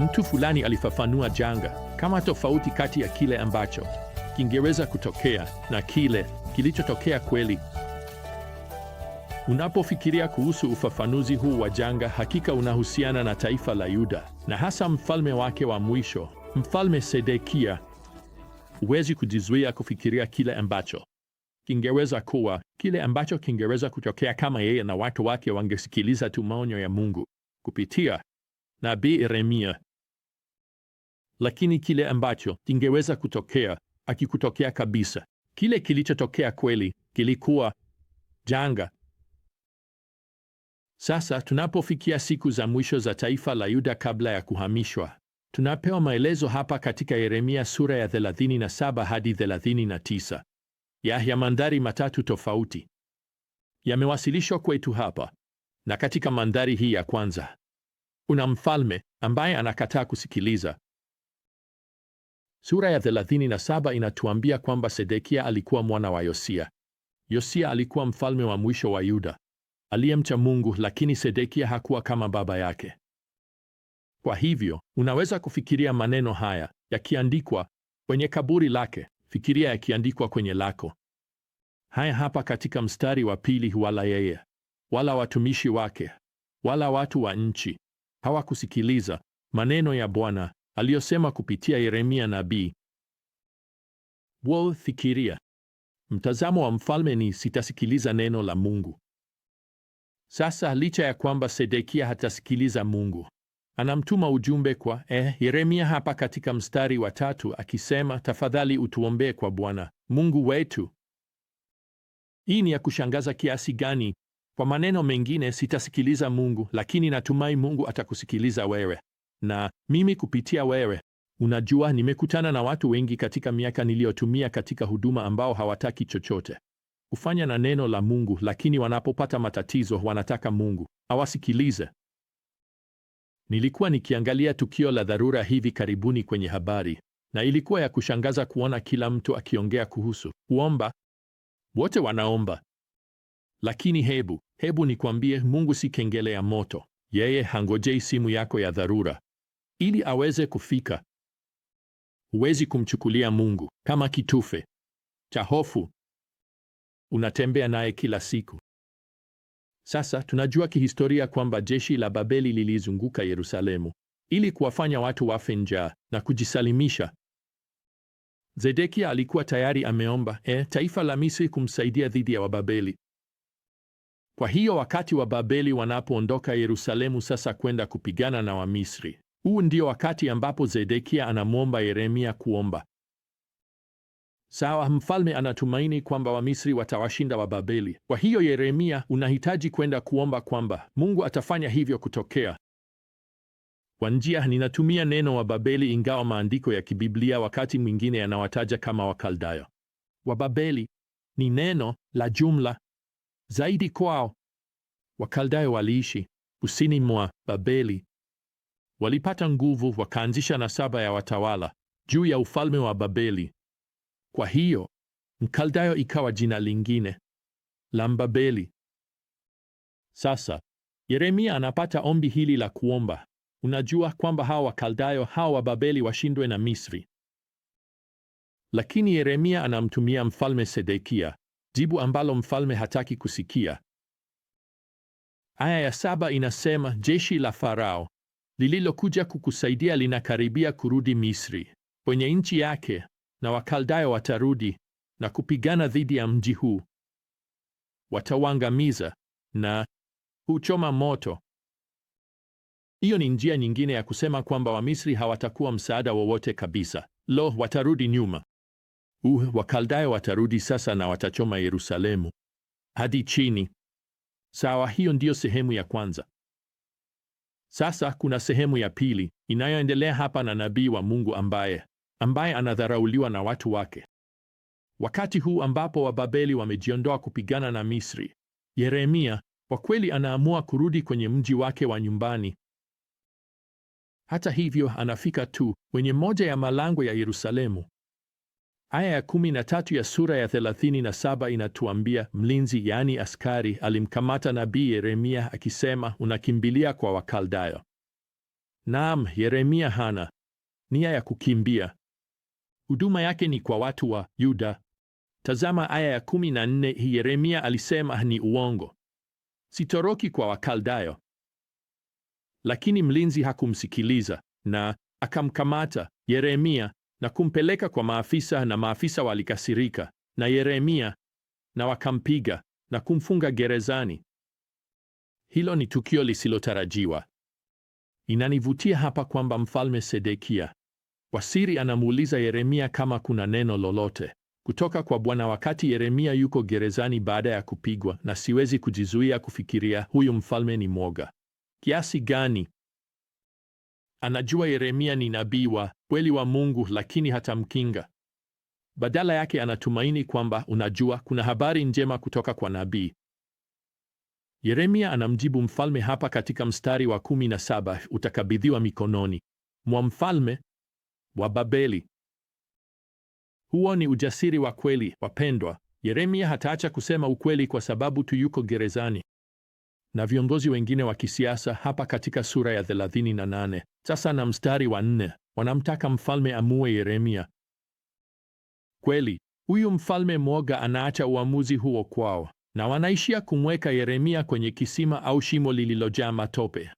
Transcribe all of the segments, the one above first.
Mtu fulani alifafanua janga kama tofauti kati ya kile ambacho kingeweza kutokea na kile kilichotokea kweli. Unapofikiria kuhusu ufafanuzi huu wa janga, hakika unahusiana na taifa la Yuda na hasa mfalme wake wa mwisho, Mfalme Sedekia. Huwezi kujizuia kufikiria kile ambacho kingeweza kuwa, kile ambacho kingeweza kutokea kama yeye na watu wake wangesikiliza tu maonyo ya Mungu kupitia nabii Yeremia lakini kile ambacho kingeweza kutokea akikutokea kabisa. Kile kilichotokea kweli kilikuwa janga. Sasa tunapofikia siku za mwisho za taifa la Yuda kabla ya kuhamishwa, tunapewa maelezo hapa katika Yeremia sura ya 37 hadi 39 ya ya mandhari matatu tofauti yamewasilishwa kwetu hapa. Na katika mandhari hii ya kwanza, una mfalme ambaye anakataa kusikiliza Sura ya 37 na inatuambia kwamba Sedekia alikuwa mwana wa Yosia. Yosia alikuwa mfalme wa mwisho wa Yuda aliyemcha Mungu, lakini Sedekia hakuwa kama baba yake. Kwa hivyo unaweza kufikiria maneno haya yakiandikwa kwenye kaburi lake. Fikiria yakiandikwa kwenye lako. Haya hapa katika mstari wa pili: wala yeye wala watumishi wake wala watu wa nchi hawakusikiliza maneno ya Bwana aliyosema kupitia Yeremia nabii. Wow, fikiria. Mtazamo wa mfalme ni sitasikiliza neno la Mungu. Sasa licha ya kwamba Sedekia hatasikiliza Mungu, anamtuma ujumbe kwa eh, Yeremia hapa katika mstari wa tatu akisema, tafadhali utuombee kwa Bwana Mungu wetu. Hii ni ya kushangaza kiasi gani! Kwa maneno mengine, sitasikiliza Mungu, lakini natumai Mungu atakusikiliza wewe na mimi kupitia wewe. Unajua, nimekutana na watu wengi katika miaka niliyotumia katika huduma ambao hawataki chochote kufanya na neno la Mungu, lakini wanapopata matatizo wanataka Mungu awasikilize. Nilikuwa nikiangalia tukio la dharura hivi karibuni kwenye habari, na ilikuwa ya kushangaza kuona kila mtu akiongea kuhusu kuomba. Wote wanaomba, lakini hebu hebu nikwambie, Mungu si kengele ya moto. Yeye hangojei simu yako ya dharura ili aweze kufika. Huwezi kumchukulia Mungu kama kitufe cha hofu. Unatembea naye kila siku. Sasa tunajua kihistoria kwamba jeshi la Babeli lilizunguka Yerusalemu ili kuwafanya watu wafe njaa na kujisalimisha. Zedekia alikuwa tayari ameomba e, taifa la Misri kumsaidia dhidi ya Wababeli. Kwa hiyo wakati Wababeli wanapoondoka Yerusalemu sasa kwenda kupigana na Wamisri, huu ndio wakati ambapo Zedekia anamwomba Yeremia kuomba. Sawa, mfalme anatumaini kwamba Wamisri watawashinda Wababeli. Kwa hiyo Yeremia, unahitaji kwenda kuomba kwamba Mungu atafanya hivyo kutokea. Kwa njia, ninatumia neno Wababeli ingawa maandiko ya kibiblia wakati mwingine yanawataja kama Wakaldayo. Wababeli ni neno la jumla zaidi kwao. Wakaldayo waliishi kusini mwa Babeli. Walipata nguvu, wakaanzisha nasaba ya watawala juu ya ufalme wa Babeli. Kwa hiyo Mkaldayo ikawa jina lingine la Babeli. Sasa Yeremia anapata ombi hili la kuomba, unajua kwamba hawa Wakaldayo hawa wa Babeli washindwe na Misri. Lakini Yeremia anamtumia mfalme Sedekia jibu ambalo mfalme hataki kusikia. Aya ya saba inasema jeshi la Farao lililokuja kukusaidia linakaribia kurudi Misri, kwenye nchi yake, na Wakaldayo watarudi na kupigana dhidi ya mji huu, watauangamiza na huchoma moto. Hiyo ni njia nyingine ya kusema kwamba Wamisri hawatakuwa msaada wowote kabisa. Lo, watarudi nyuma. Uh, Wakaldayo watarudi sasa na watachoma Yerusalemu hadi chini. Sawa, hiyo ndiyo sehemu ya kwanza. Sasa kuna sehemu ya pili inayoendelea hapa na nabii wa Mungu ambaye ambaye anadharauliwa na watu wake. Wakati huu ambapo Wababeli wamejiondoa kupigana na Misri, Yeremia kwa kweli anaamua kurudi kwenye mji wake wa nyumbani. Hata hivyo, anafika tu kwenye moja ya malango ya Yerusalemu Aya ya kumi na tatu ya sura ya thelathini na saba inatuambia mlinzi, yaani askari, alimkamata nabii Yeremia akisema, unakimbilia kwa Wakaldayo. Naam, Yeremia hana nia ya kukimbia. Huduma yake ni kwa watu wa Yuda. Tazama aya ya kumi na nne. Yeremia alisema ni uongo, sitoroki kwa Wakaldayo. Lakini mlinzi hakumsikiliza na akamkamata Yeremia na kumpeleka kwa maafisa, na maafisa walikasirika na Yeremia na wakampiga na kumfunga gerezani. Hilo ni tukio lisilotarajiwa. Inanivutia hapa kwamba mfalme Sedekia kwa siri anamuuliza Yeremia kama kuna neno lolote kutoka kwa Bwana wakati Yeremia yuko gerezani baada ya kupigwa, na siwezi kujizuia kufikiria huyu mfalme ni mwoga kiasi gani. Anajua Yeremia ni nabii wa kweli wa Mungu, lakini hatamkinga. Badala yake anatumaini kwamba, unajua, kuna habari njema kutoka kwa nabii. Yeremia anamjibu mfalme hapa katika mstari wa 17, utakabidhiwa mikononi mwa mfalme wa Babeli. Huo ni ujasiri wa kweli wapendwa. Yeremia hataacha kusema ukweli kwa sababu tu yuko gerezani na viongozi wengine wa kisiasa hapa katika sura ya 38 sasa na mstari wa nne wanamtaka mfalme amue Yeremia. Kweli huyu mfalme mwoga anaacha uamuzi huo kwao, na wanaishia kumweka Yeremia kwenye kisima au shimo lililojaa matope,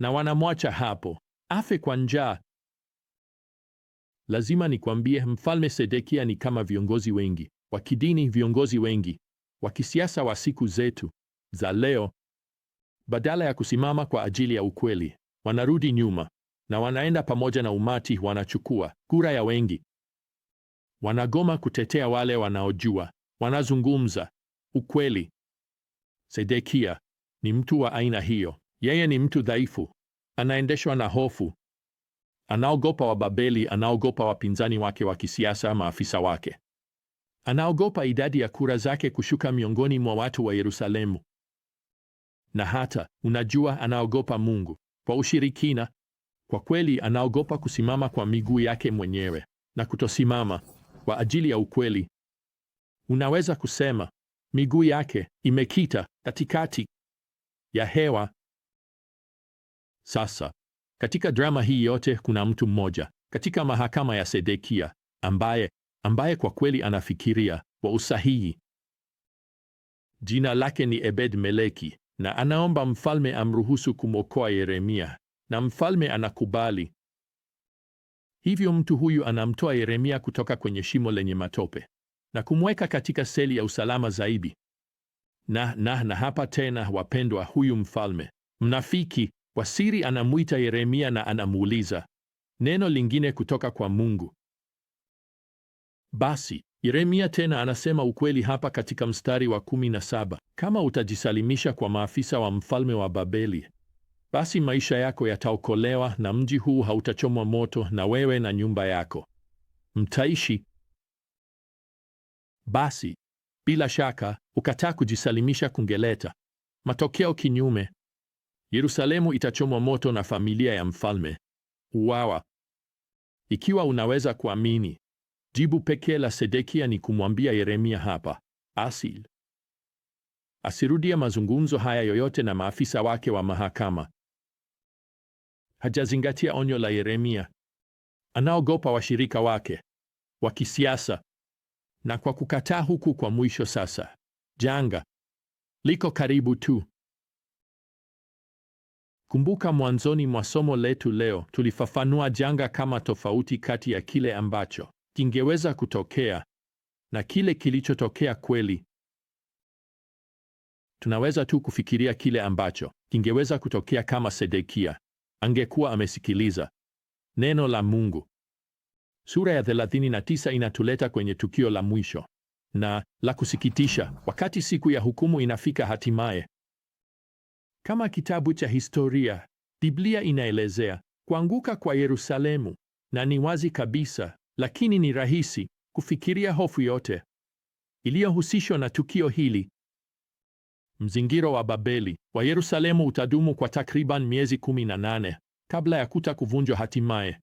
na wanamwacha hapo afe kwa njaa. Lazima nikwambie, mfalme Sedekia ni kama viongozi wengi wa kidini, viongozi wengi wa kisiasa wa siku zetu za leo. Badala ya kusimama kwa ajili ya ukweli, wanarudi nyuma na wanaenda pamoja na umati, wanachukua kura ya wengi, wanagoma kutetea wale wanaojua, wanazungumza ukweli. Sedekia ni mtu wa aina hiyo. Yeye ni mtu dhaifu, anaendeshwa na hofu, anaogopa Wababeli, anaogopa wapinzani wake wa kisiasa, maafisa wake, anaogopa idadi ya kura zake kushuka miongoni mwa watu wa Yerusalemu na hata unajua, anaogopa Mungu kwa ushirikina. Kwa kweli, anaogopa kusimama kwa miguu yake mwenyewe na kutosimama kwa ajili ya ukweli. Unaweza kusema miguu yake imekita katikati ya hewa. Sasa katika drama hii yote kuna mtu mmoja katika mahakama ya Sedekia ambaye ambaye kwa kweli anafikiria kwa usahihi. Jina lake ni Ebed Meleki na anaomba mfalme amruhusu kumwokoa Yeremia, na mfalme anakubali. Hivyo mtu huyu anamtoa Yeremia kutoka kwenye shimo lenye matope na kumweka katika seli ya usalama zaidi. Na na na hapa tena, wapendwa, huyu mfalme mnafiki kwa siri anamwita Yeremia na anamuuliza neno lingine kutoka kwa Mungu. Basi Yeremia tena anasema ukweli hapa katika mstari wa 17: kama utajisalimisha kwa maafisa wa mfalme wa Babeli, basi maisha yako yataokolewa, na mji huu hautachomwa moto, na wewe na nyumba yako mtaishi. Basi bila shaka ukataa kujisalimisha kungeleta matokeo kinyume. Yerusalemu itachomwa moto na familia ya mfalme uwawa, ikiwa unaweza kuamini. Jibu pekee la Sedekia ni kumwambia Yeremia hapa asil asirudia mazungumzo haya yoyote na maafisa wake wa mahakama. Hajazingatia onyo la Yeremia. Anaogopa washirika wake wa kisiasa, na kwa kukataa huku kwa mwisho, sasa janga liko karibu tu. Kumbuka mwanzoni mwa somo letu leo tulifafanua janga kama tofauti kati ya kile ambacho kingeweza kutokea na kile kilichotokea kweli. Tunaweza tu kufikiria kile ambacho kingeweza kutokea kama Sedekia angekuwa amesikiliza neno la Mungu. Sura ya 39 inatuleta kwenye tukio la mwisho na la kusikitisha, wakati siku ya hukumu inafika hatimaye. Kama kitabu cha historia, Biblia inaelezea kuanguka kwa Yerusalemu, na ni wazi kabisa lakini ni rahisi kufikiria hofu yote iliyohusishwa na tukio hili. Mzingiro wa Babeli wa Yerusalemu utadumu kwa takriban miezi 18 kabla ya kuta kuvunjwa hatimaye.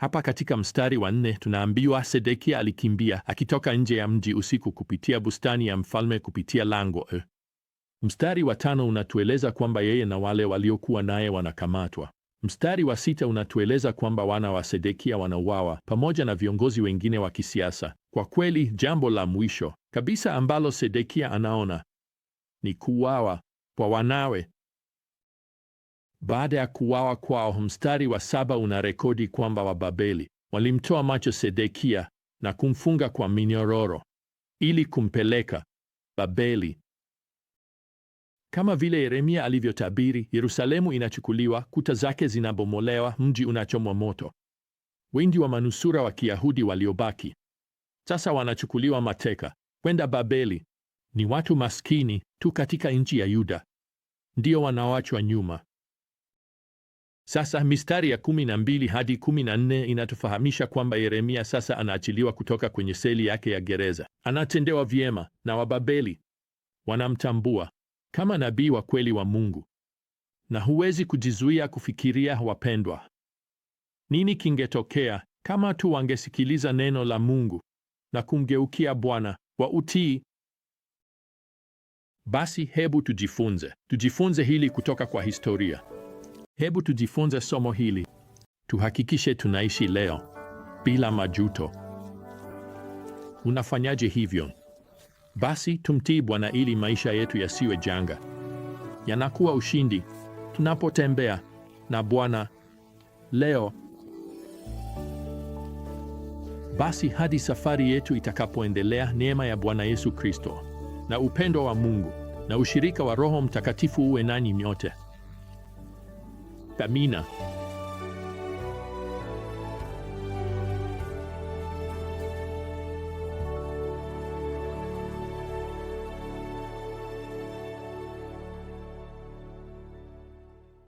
Hapa katika mstari wa nne tunaambiwa Sedekia alikimbia akitoka nje ya mji usiku kupitia bustani ya mfalme kupitia lango e. Mstari wa tano unatueleza kwamba yeye na wale waliokuwa naye wanakamatwa Mstari wa sita unatueleza kwamba wana wa Sedekia wanauawa pamoja na viongozi wengine wa kisiasa. Kwa kweli, jambo la mwisho kabisa ambalo Sedekia anaona ni kuuawa kwa wanawe. Baada ya kuuawa kwao, mstari wa saba unarekodi kwamba Wababeli walimtoa macho Sedekia na kumfunga kwa minyororo ili kumpeleka Babeli. Kama vile Yeremia alivyotabiri, Yerusalemu inachukuliwa, kuta zake zinabomolewa, mji unachomwa moto. Wengi wa manusura wa Kiyahudi waliobaki sasa wanachukuliwa mateka kwenda Babeli. Ni watu maskini tu katika nchi ya Yuda ndio wanaoachwa nyuma. Sasa mistari ya 12 hadi 14 inatufahamisha kwamba Yeremia sasa anaachiliwa kutoka kwenye seli yake ya gereza. Anatendewa vyema na Wababeli wanamtambua kama nabii wa kweli wa Mungu, na huwezi kujizuia kufikiria, wapendwa, nini kingetokea kama tu wangesikiliza neno la Mungu na kumgeukia Bwana kwa utii. Basi hebu tujifunze, tujifunze hili kutoka kwa historia. Hebu tujifunze somo hili, tuhakikishe tunaishi leo bila majuto. Unafanyaje hivyo? Basi tumtii Bwana ili maisha yetu yasiwe janga, yanakuwa ushindi tunapotembea na Bwana leo. Basi hadi safari yetu itakapoendelea, neema ya Bwana Yesu Kristo na upendo wa Mungu na ushirika wa Roho Mtakatifu uwe nanyi nyote. Amina.